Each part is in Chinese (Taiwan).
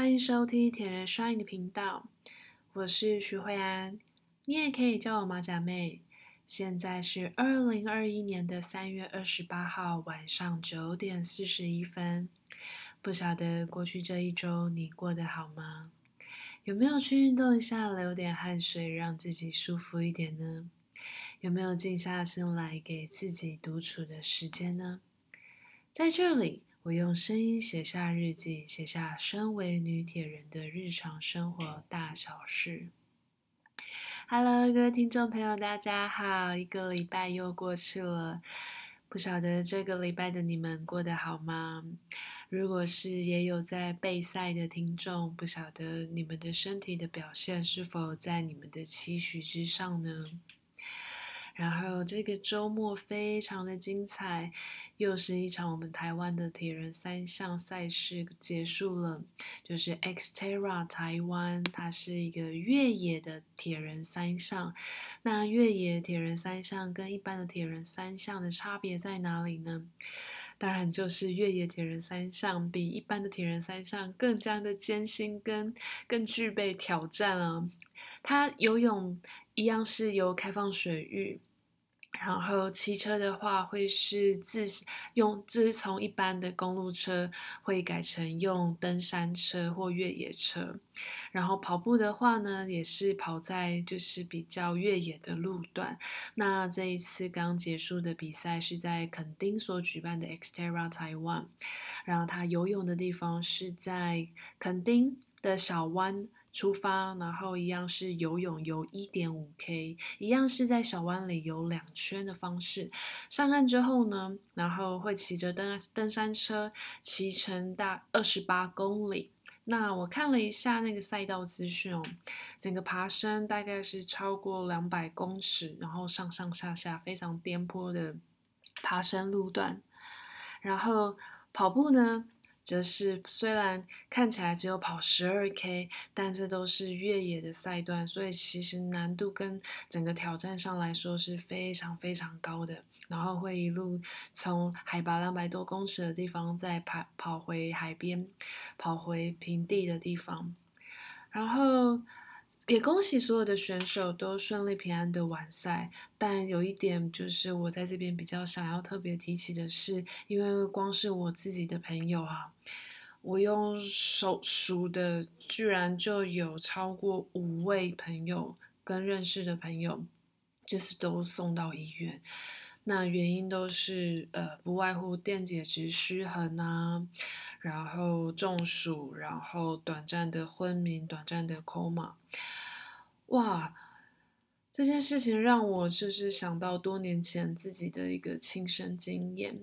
歡迎收聽鐵人 s h 的頻道，我是徐慧安，你也可以叫我馬甲妹。現在是二零二一年的三月二十八號晚上九點四十一分。不曉得過去這一周你過得好嗎？有沒有去運動一下，流點汗水，讓自己舒服一點呢？有沒有靜下心來給自己獨處的時間呢？在這裡。我用聲音寫下日記，寫下身為女鐵人的日常生活大小事。Hello，各位聽眾朋友，大家好！一個禮拜又過去了，不曉得這個禮拜的你們過得好嗎？如果是也有在備賽的聽眾，不曉得你們的身體的表現是否在你們的期許之上呢？然後這個周末非常的精彩，又是一場我們台灣的鐵人三項賽事結束了，就是 Xterra 台灣，它是一個越野的鐵人三項。那越野鐵人三項跟一般的鐵人三項的差別在哪裡呢？當然就是越野鐵人三項比一般的鐵人三項更加的艱辛跟更具備挑戰啊。它游泳一樣是由開放水域。然後騎車的話，會是自用，自從一般的公路車會改成用登山車或越野車。然後跑步的話呢，也是跑在就是比較越野的路段。那這一次剛結束的比賽是在墾丁所舉辦的 Xterra Taiwan，然後他游泳的地方是在墾丁的小灣。出發，然後一樣是游泳游一點五 k，一樣是在小灣裡游兩圈的方式。上岸之後呢，然後會騎着登登山車騎乘大二十八公里。那我看了一下那個賽道資訊哦，整個爬升大概是超過兩百公尺，然後上上下下非常顛簸的爬山路段。然後跑步呢，則是雖然看起來只有跑十二 K，但這都是越野的賽段，所以其實難度跟整個挑戰上來說是非常非常高的。然後會一路從海拔兩百多公尺的地方再爬，跑回海邊，跑回平地的地方，然後。也恭喜所有的選手都順利平安的完賽，但有一點就是我在這邊比較想要特別提起的是，因為光是我自己的朋友哈、啊，我用手數，數的居然就有超過五位朋友跟認識的朋友，就是都送到醫院。那原因都是呃，不外乎電解質失衡啊，然後中暑，然後短暫的昏迷、短暫的 coma。哇，這件事情讓我就是想到多年前自己的一個親身經驗。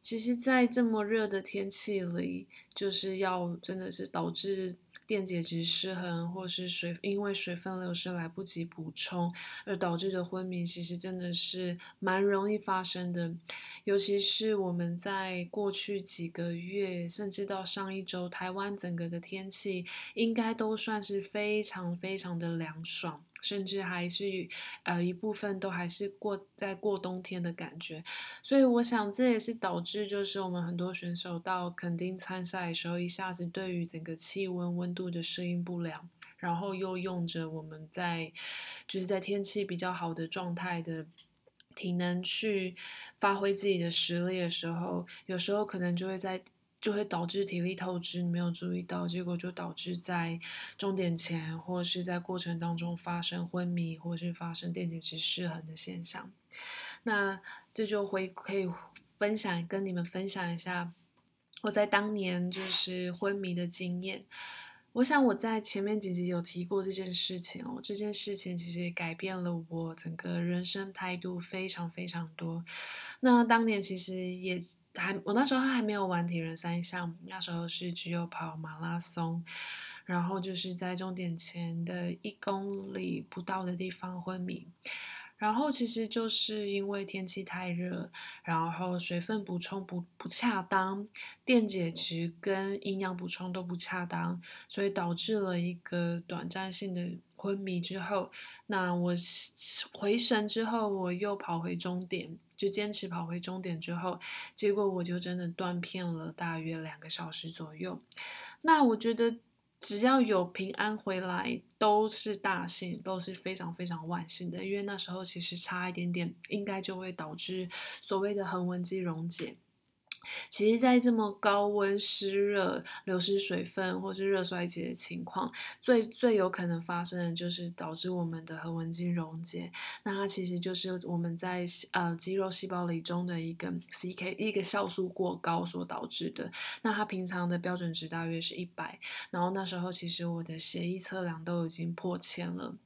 其實，在這麼熱的天氣裡，就是要真的是導致。電解質失衡，或是水，因為水分流失來不及補充而導致的昏迷，其實真的是蠻容易發生的。尤其是我們在過去幾個月，甚至到上一周，台灣整個的天氣應該都算是非常非常的涼爽。甚至還是呃一部分都還是過在過冬天的感覺，所以我想這也是導致就是我們很多選手到墾丁參賽的時候，一下子對於整個氣溫溫度的適應不良，然後又用着我們在就是在天氣比較好的狀態的體能去發揮自己的實力的時候，有時候可能就會在。就會導致體力透支，你沒有注意到，結果就導致在終點前，或是在過程當中發生昏迷，或是發生電解質失衡的現象。那這就會可以分享跟你們分享一下我在當年就是昏迷的經驗。我想我在前面幾集有提過這件事情哦，這件事情其實也改變了我整個人生態度非常非常多。那當年其實也還我那時候還沒有玩鐵人三項，那時候是只有跑馬拉松，然後就是在終點前的一公里不到的地方昏迷。然後其實就是因為天氣太熱，然後水分補充不不恰當，電解質跟營養補充都不恰當，所以導致了一個短暫性的昏迷。之後，那我回神之後，我又跑回終點，就堅持跑回終點之後，結果我就真的斷片了，大約兩個小時左右。那我覺得。只要有平安回來，都是大幸，都是非常非常萬幸的。因為那時候其實差一點點，應該就會導致所謂的橫紋肌溶解。其實，在這麼高溫濕熱、流失水分或是熱衰竭的情況，最最有可能發生的就是導致我們的橫紋肌溶解。那它其實就是我們在呃肌肉細胞裡中的一個 CK 一個酵素過高所導致的。那它平常的標準值大約是一百，然後那時候其實我的血液測量都已經破千了。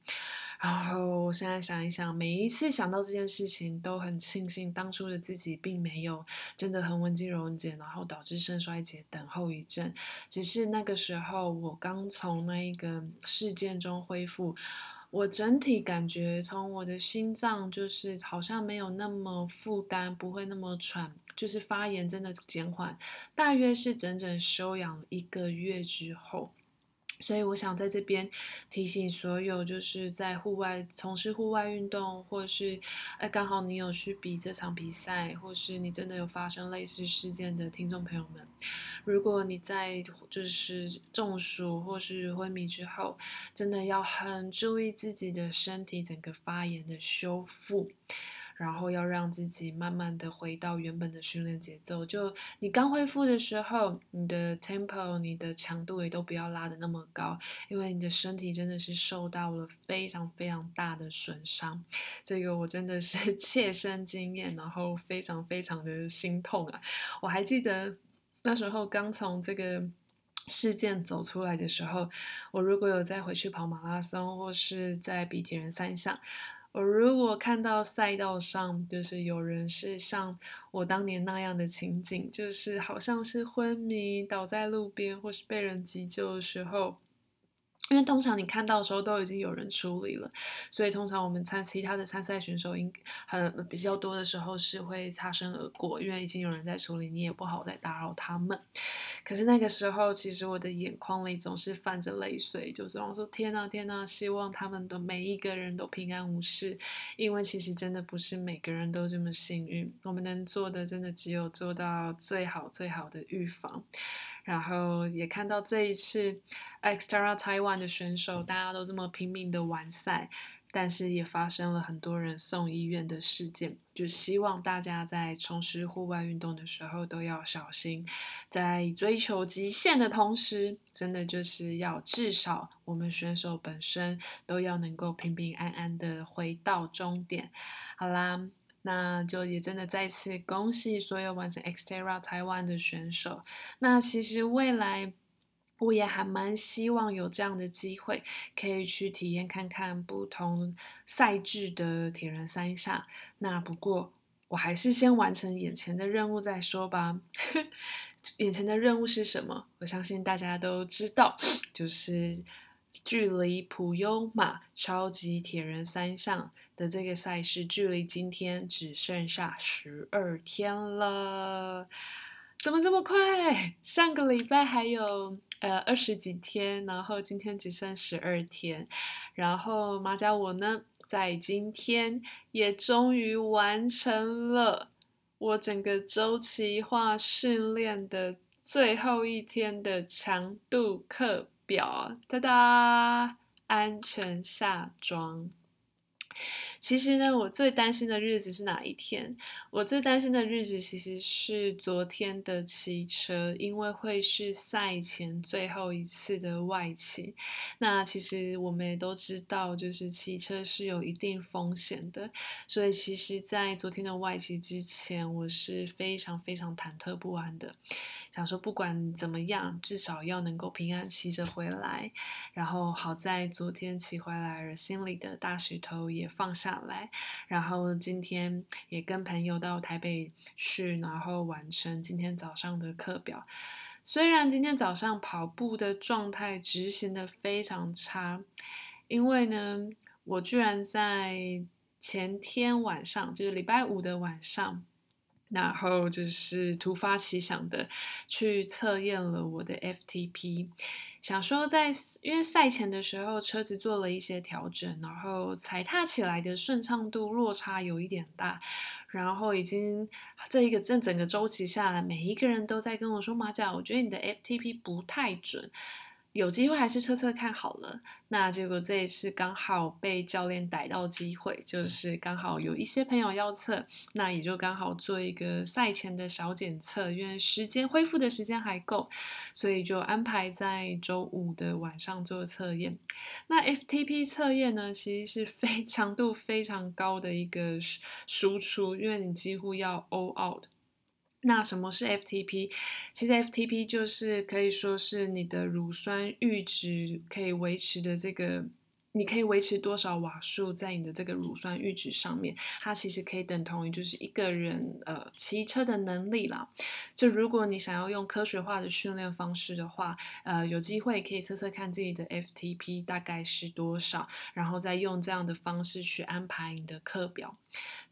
然後我現在想一想，每一次想到這件事情，都很慶幸當初的自己並沒有真的橫紋肌溶解，然後導致腎衰竭等後遺症。只是那個時候我剛從那一個事件中恢復，我整體感覺從我的心臟就是好像沒有那麼負擔，不會那麼喘，就是發炎真的減緩。大約是整整休養一個月之後。所以我想在這邊提醒所有，就是在戶外從事戶外運動，或是，哎，剛好你有去比這場比賽，或是你真的有發生類似事件的聽眾朋友們，如果你在就是中暑或是昏迷之後，真的要很注意自己的身體整個發炎的修復。然後要讓自己慢慢的回到原本的訓練節奏。就你剛恢復的時候，你的 tempo、你的強度也都不要拉得那麼高，因為你的身體真的是受到了非常非常大的損傷。這個我真的是切身經驗，然後非常非常的心痛啊！我還記得那時候剛從這個事件走出來的時候，我如果有再回去跑馬拉松，或是在比鐵人三項。我如果看到賽道上，就是有人是像我當年那樣的情景，就是好像是昏迷倒在路邊，或是被人急救的時候。因為通常你看到的時候都已經有人處理了，所以通常我們參其他的參賽選手應很比較多的時候是會擦身而過，因為已經有人在處理，你也不好再打擾他們。可是那個時候，其實我的眼眶裡總是泛着淚水，就是說天吶，天吶，希望他們的每一個人都平安無事，因為其實真的不是每個人都這麼幸運。我們能做的，真的只有做到最好最好的預防。然後也看到這一次 XTERRA Taiwan 的選手，大家都這麼拼命的完賽，但是也發生了很多人送醫院的事件。就希望大家在從事戶外運動的時候都要小心，在追求極限的同時，真的就是要至少我們選手本身都要能夠平平安安的回到終點。好啦。那就也真的再次恭喜所有完成 Xterra 台灣的選手。那其實未來我也還蠻希望有這樣的機會，可以去體驗看看不同賽制的鐵人三項。那不過我還是先完成眼前的任務再說吧。 眼前的任務是什麼？我相信大家都知道，就是。距離普悠瑪超級鐵人三項的這個賽事，距離今天只剩下十二天了，怎麼這麼快？上個禮拜還有呃二十幾天，然後今天只剩十二天。然後馬甲我呢，在今天也終於完成了我整個周期化訓練的最後一天的強度課。表噠噠，安全下莊。其實呢，我最擔心的日子是哪一天？我最擔心的日子其實是昨天的騎車，因為會是賽前最後一次的外騎。那其實我們也都知道，就是騎車是有一定風險的，所以其實，在昨天的外騎之前，我是非常非常忐忑不安的，想說不管怎麼樣，至少要能夠平安騎着回來。然後好在昨天騎回來了，而心裡的大石頭也放下。來，然後今天也跟朋友到台北去，然後完成今天早上的課表。雖然今天早上跑步的狀態執行的非常差，因為呢，我居然在前天晚上，就是禮拜五的晚上。然後就是突發奇想的去測驗了我的 FTP，想說在因為賽前的時候車子做了一些調整，然後踩踏起來的順暢度落差有一點大，然後已經這一個這整個週期下來，每一個人都在跟我說，馬甲，我覺得你的 FTP 不太準。有機會還是測測看好了。那結果這一次剛好被教練逮到機會，就是剛好有一些朋友要測，那也就剛好做一個賽前的小檢測，因為時間恢復的時間還夠，所以就安排在週五的晚上做測驗。那 FTP 測驗呢，其實是非強度非常高的一個輸出，因為你幾乎要 all out。那什麼是 FTP？其實 FTP 就是可以說是你的乳酸閾值可以維持的這個。你可以維持多少瓦數在你的這個乳酸閾值上面？它其實可以等同於就是一個人呃騎車的能力啦。就如果你想要用科學化的訓練方式的話，呃，有機會可以測測看自己的 FTP 大概是多少，然後再用這樣的方式去安排你的課表。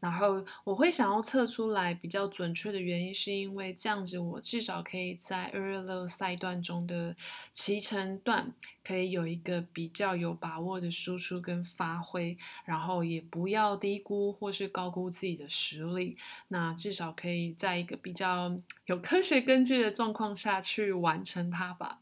然後我會想要測出來比較準確的原因，是因為這樣子我至少可以在226賽段中的騎乘段。可以有一個比較有把握的輸出跟發揮，然後也不要低估或是高估自己的實力，那至少可以在一個比較有科學根據的狀況下去完成它吧。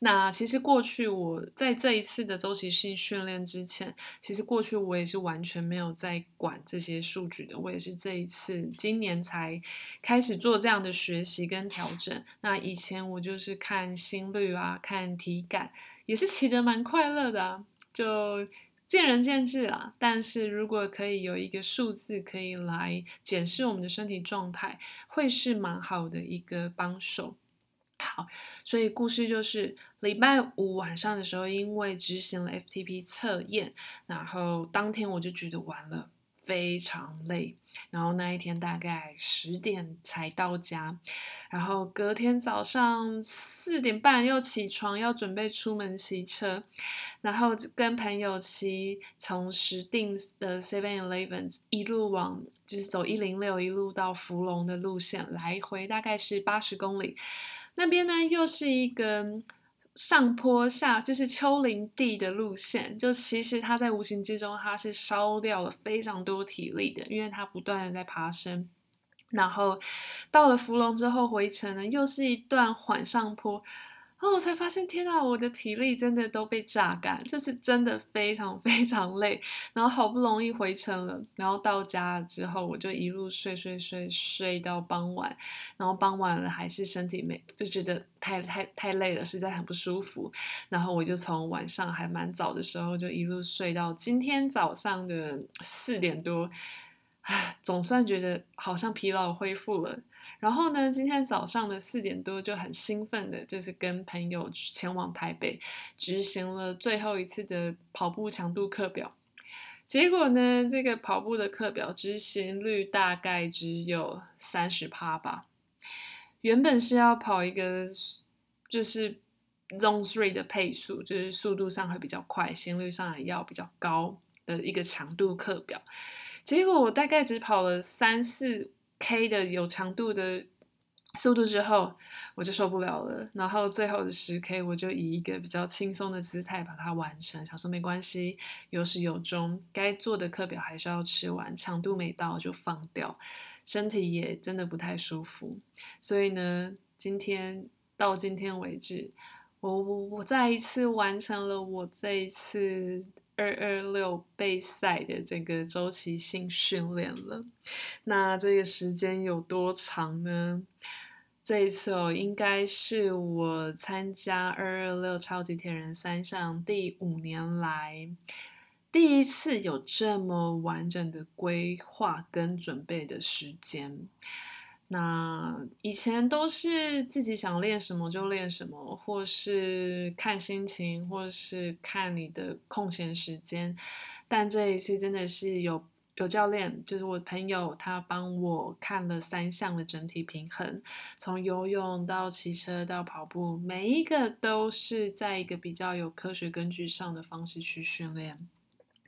那其實過去我在這一次的周期性訓練之前，其實過去我也是完全沒有在管這些數據的，我也是這一次今年才開始做這樣的學習跟調整。那以前我就是看心率啊，看體感。也是騎得蠻快樂的啊，就見仁見智啦。但是如果可以有一個數字可以來檢視我們的身體狀態，會是蠻好的一個幫手。好，所以故事就是禮拜五晚上的時候，因為執行了 FTP 測驗，然後當天我就覺得完了。非常累，然後那一天大概十點才到家，然後隔天早上四點半又起床，要準備出門騎車，然後跟朋友騎從石碇的 Seven Eleven 一路往就是走一零六一路到福隆的路線，來回大概是八十公里，那邊呢又是一個。上坡下，就是丘陵地的路線，就其實它在無形之中它是燒掉了非常多體力的，因為它不斷的在爬昇，然後到了福隆之後回程呢又是一段緩上坡。哦，然後我才發現，天啊，我的體力真的都被榨乾，就是真的非常非常累。然後好不容易回程了，然後到家之後，我就一路睡睡睡睡到傍晚，然後傍晚了還是身體沒，就覺得太太太累了，實在很不舒服。然後我就從晚上還蠻早的時候，就一路睡到今天早上的四點多。總算覺得好像疲勞恢復了，然後呢，今天早上的四點多就很興奮的，就是跟朋友前往台北，執行了最後一次的跑步強度課表。結果呢，這個跑步的課表執行率大概只有三十趴吧。原本是要跑一個就是 Zone Three 的配速，就是速度上會比較快，心率上也要比較高的一個強度課表。結果我大概只跑了三四 K 的有強度的速度之後，我就受不了了，然後最後的十 K，我就以一個比較輕鬆的姿態把它完成，想說沒關係，有始有終，該做的課表還是要吃完，強度沒到就放掉，身體也真的不太舒服。所以呢，今天到今天為止，我我我再一次完成了我這一次二二六備賽的這個週期性訓練了，那這個時間有多長呢？這一次哦，應該是我參加二二六超級鐵人三項第五年來，第一次有這麼完整的規劃跟準備的時間。那以前都是自己想練什麼就練什麼，或是看心情，或是看你的空閒時間。但這一次真的是有有教練，就是我朋友，他幫我看了三項的整體平衡，從游泳到騎車到跑步，每一個都是在一個比較有科學根據上的方式去訓練。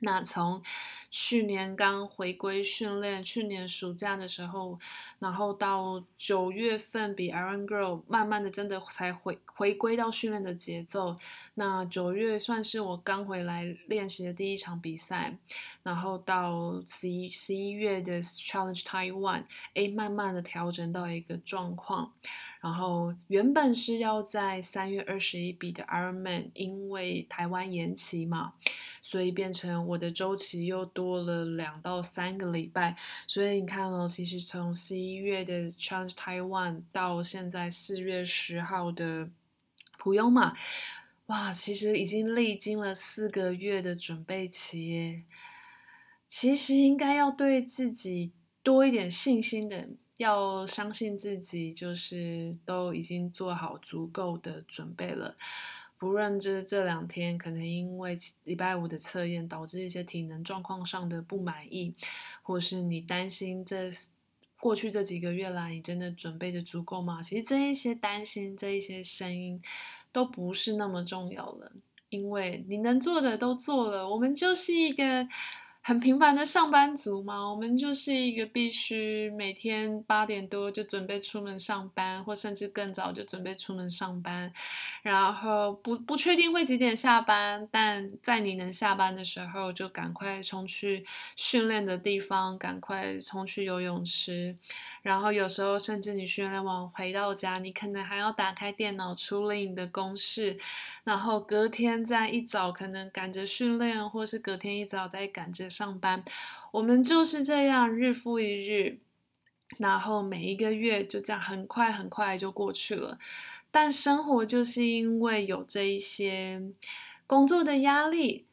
那從去年剛回歸訓練，去年暑假的時候，然後到九月份比 Iron Girl，慢慢的真的才回回歸到訓練的節奏。那九月算是我剛回來練習的第一場比賽，然後到十一十一月的 Challenge Taiwan，哎，慢慢的調整到一個狀況。然後原本是要在三月二十一比的 Iron Man，因為台灣延期嘛。所以變成我的週期又多了兩到三個禮拜，所以你看哦，其實從十一月的 Trans Taiwan 到現在四月十號的普悠瑪，哇，其實已經歷經了四個月的準備期耶。其實應該要對自己多一點信心的，要相信自己，就是都已經做好足夠的準備了。不論是，這兩天可能因為禮拜五的測驗導致一些體能狀況上的不滿意，或是你擔心這過去這幾個月來你真的準備的足夠嗎？其實這一些擔心，這一些聲音都不是那麼重要了，因為你能做的都做了，我們就是一個。很平凡的上班族嘛，我們就是一個必須每天八點多就準備出門上班，或甚至更早就準備出門上班，然後不不確定會幾點下班，但在你能下班的時候就趕快衝去訓練的地方，趕快衝去游泳池，然後有時候甚至你訓練完回到家，你可能還要打開電腦處理你的公事，然後隔天再一早可能趕着訓練，或是隔天一早再趕着。上班，我們就是這樣日復一日，然後每一個月就這樣很快很快就過去了。但生活就是因為有這一些工作的壓力，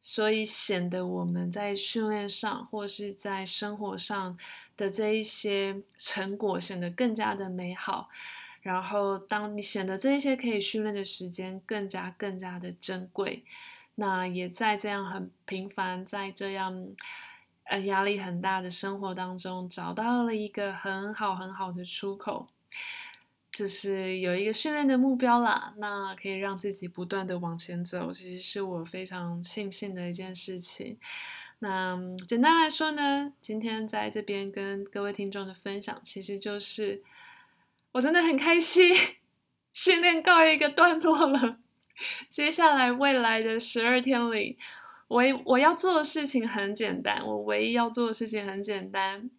所以顯得我們在訓練上或是在生活上的這一些成果顯得更加的美好。然後當你顯得這一些可以訓練的時間更加更加的珍貴。那也在這樣很平凡，在這樣呃壓力很大的生活當中，找到了一個很好很好的出口，就是有一個訓練的目標啦，那可以讓自己不斷的往前走，其實是我非常慶幸的一件事情。那簡單來說呢，今天在這邊跟各位聽眾的分享，其實就是我真的很開心，訓練告一個段落了。接下來未來的十二天裡，我我要做的事情很簡單，我唯一要做的事情很簡單，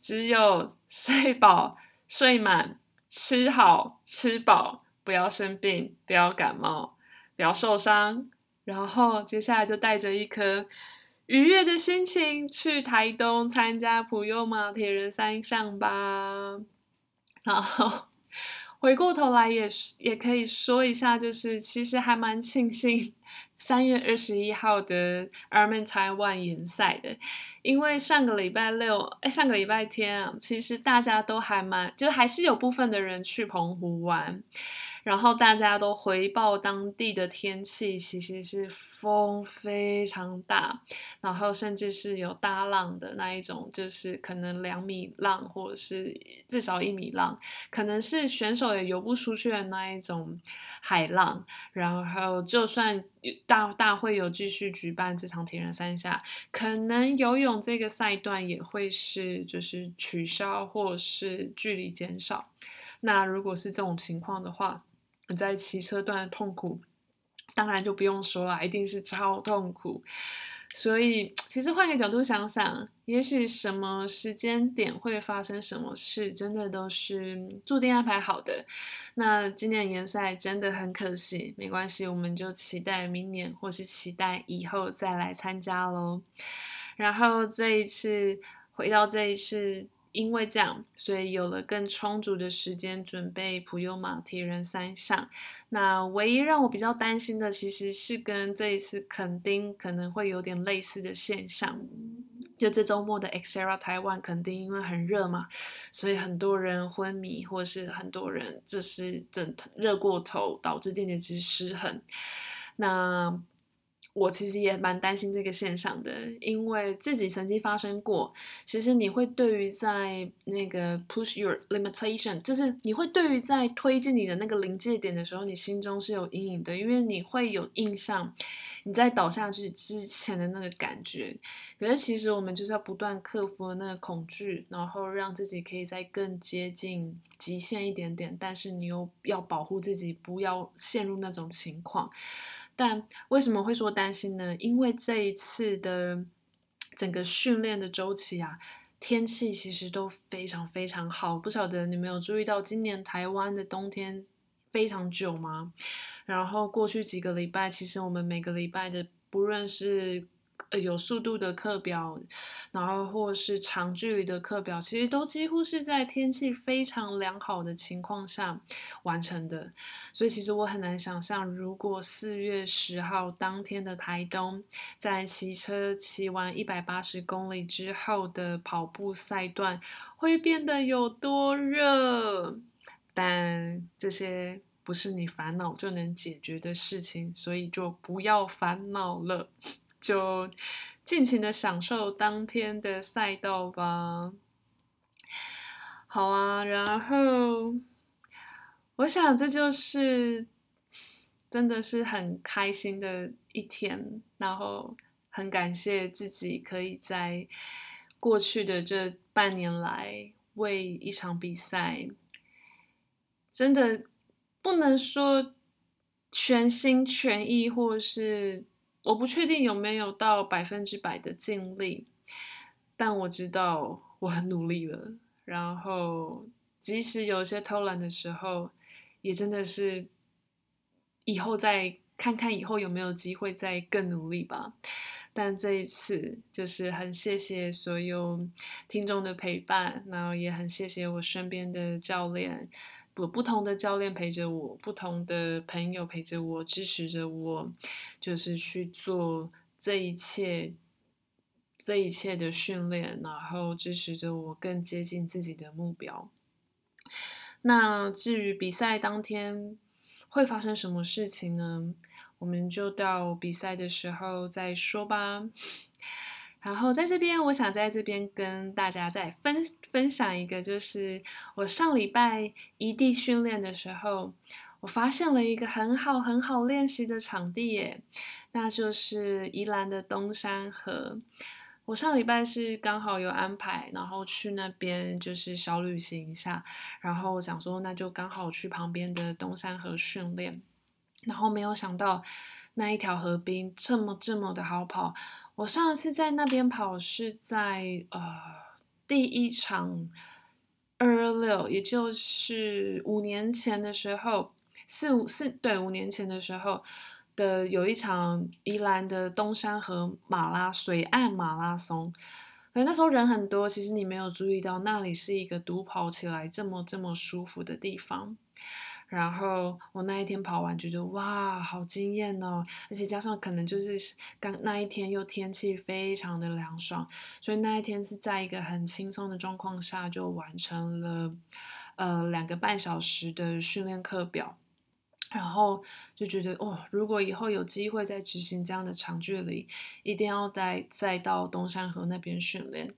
只有睡飽睡滿、吃好吃飽、不要生病、不要感冒、不要受傷，然後接下來就帶着一顆愉悅的心情去台東參加普悠瑪鐵人三項吧。然後回過頭來也也可以說一下，就是其實還蠻慶幸三月二十一號的 IRONMAN Taiwan 延賽的，因為上個禮拜六，哎、欸，上個禮拜天啊，其實大家都還蠻，就還是有部分的人去澎湖玩。然後大家都回報當地的天氣，其實是風非常大，然後甚至是有大浪的那一種，就是可能兩米浪或者是至少一米浪，可能是選手也游不出去的那一種海浪。然後就算大大會有繼續舉辦這場鐵人三項，可能游泳這個賽段也會是就是取消或是距離減少。那如果是這種情況的話，在騎車段的痛苦，當然就不用說了，一定是超痛苦。所以，其實換個角度想想，也許什麼時間點會發生什麼事，真的都是注定安排好的。那今年的聯賽真的很可惜，沒關係，我們就期待明年或是期待以後再來參加嘍。然後這一次，回到這一次。因為這樣，所以有了更充足的時間準備普悠瑪鐵人三項。那唯一讓我比較擔心的，其實是跟這一次墾丁可能會有點類似的現象。就這周末的 XTERRA 台灣墾丁，因為很熱嘛，所以很多人昏迷，或是很多人就是整熱過頭，導致電解質失衡。那我其實也蠻擔心這個現象的，因為自己曾經發生過。其實你會對於在那個 push your limitation，就是你會對於在推進你的那個臨界點的時候，你心中是有陰影的，因為你會有印象你在倒下去之前的那個感覺。可是其實我們就是要不斷克服那個恐懼，然後讓自己可以再更接近極限一點點，但是你又要保護自己，不要陷入那種情況。但為什麼會說擔心呢？因為這一次的整個訓練的週期啊，天氣其實都非常非常好。不曉得你們有注意到今年台灣的冬天非常久嗎？然後過去幾個禮拜，其實我們每個禮拜的，不論是呃，有速度的課表，然後或是長距離的課表，其實都幾乎是在天氣非常良好的情況下完成的。所以，其實我很難想象，如果四月十號當天的台東，在騎車騎完一百八十公里之後的跑步賽段會變得有多熱。但這些不是你煩惱就能解決的事情，所以就不要煩惱了。就盡情的享受當天的賽道吧。好啊，然後我想這就是真的是很開心的一天，然後很感謝自己可以在過去的這半年來為一場比賽，真的不能說全心全意或是。我不確定有沒有到百分之百的盡力，但我知道我很努力了。然後，即使有些偷懶的時候，也真的是以後再看看以後有沒有機會再更努力吧。但這一次就是很謝謝所有聽眾的陪伴，然後也很謝謝我身邊的教練。有不同的教練陪着我，不同的朋友陪着我，支持着我，就是去做這一切，這一切的訓練，然後支持着我更接近自己的目標。那至於比賽當天會發生什麼事情呢？我們就到比賽的時候再說吧。然後在這邊，我想在這邊跟大家再分分享一個，就是我上禮拜異地訓練的時候，我發現了一個很好很好練習的場地耶，那就是宜蘭的冬山河。我上禮拜是剛好有安排，然後去那邊就是小旅行一下，然後我想說那就剛好去旁邊的冬山河訓練，然後沒有想到那一條河濱這麼這麼的好跑。我上次在那邊跑是在呃第一場二二六，也就是五年前的時候，四五四對五年前的時候的有一場宜蘭的東山河馬拉,水岸馬拉松，哎，那時候人很多，其實你沒有注意到那裡是一個獨跑起來這麼這麼舒服的地方。然後我那一天跑完，覺得哇，好驚豔哦！而且加上可能就是剛那一天又天氣非常的涼爽，所以那一天是在一個很輕鬆的狀況下就完成了，呃，兩個半小時的訓練課表。然後就覺得哦，如果以後有機會再執行這樣的長距離，一定要再再到冬山河那邊訓練。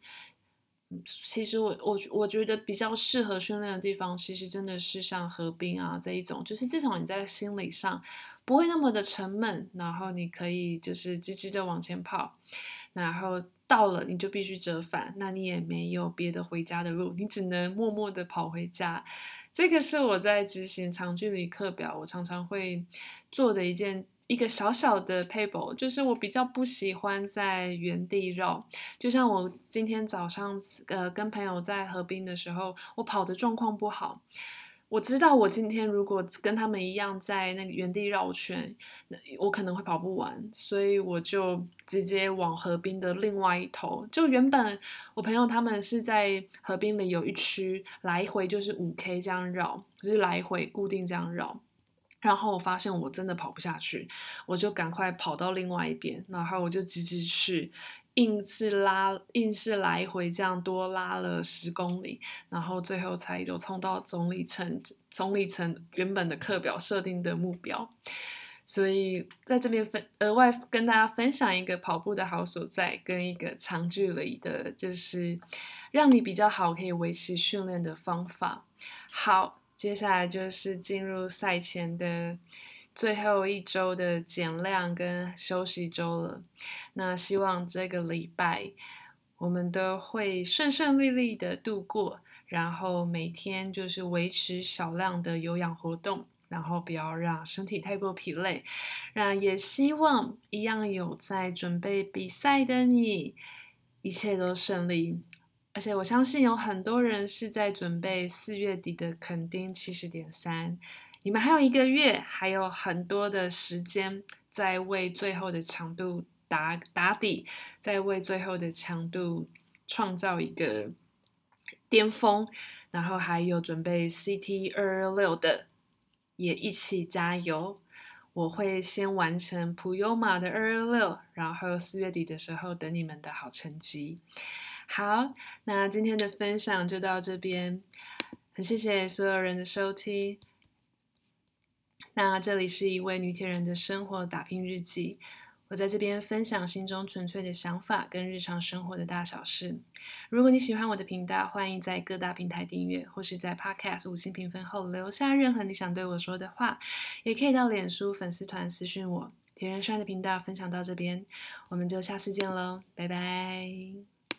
其實我我我覺得比較適合訓練的地方，其實真的是像河濱啊這一種，就是至少你在心理上不會那麼的沉悶，然後你可以就是積極的往前跑，然後到了你就必須折返，那你也沒有別的回家的路，你只能默默的跑回家。這個是我在執行長距離課表，我常常會做的一件。一個小小的 table，就是我比較不喜歡在原地繞。就像我今天早上，呃，跟朋友在河濱的時候，我跑的狀況不好。我知道我今天如果跟他們一樣在那個原地繞圈，那我可能會跑不完，所以我就直接往河濱的另外一頭。就原本我朋友他們是在河濱裡有一區來回，就是五 K 這樣繞，就是來回固定這樣繞。然後我發現我真的跑不下去，我就趕快跑到另外一邊，然後我就急急去，硬是拉，硬是來回這樣多拉了十公里，然後最後才又衝到總里程總里程原本的課表設定的目標。所以在這邊分，額外跟大家分享一個跑步的好所在，跟一個長距離的，就是讓你比較好可以維持訓練的方法。好。接下來就是進入賽前的最後一周的減量跟休息周了。那希望這個禮拜我們都會順順利利的度過，然後每天就是維持少量的有氧活動，然後不要讓身體太過疲累。那也希望一樣有在準備比賽的你，一切都順利。而且我相信有很多人是在準備四月底的墾丁七十點三，你們還有一個月，還有很多的時間在為最後的強度打打底，在為最後的強度創造一個巔峰。然後還有準備 CT 二二六的，也一起加油。我會先完成普悠瑪的二二六，然後四月底的時候等你們的好成績。好，那今天的分享就到這邊，很謝謝所有人的收聽。那這裡是一位女鐵人的生活打拼日記，我在這邊分享心中純粹的想法跟日常生活的大小事。如果你喜歡我的頻道，歡迎在各大平台訂閱，或是在 Podcast 五星評分後留下任何你想對我說的話，也可以到臉書粉絲團私訊我。鐵人 Shine 的頻道分享到這邊，我們就下次見嘍，拜拜。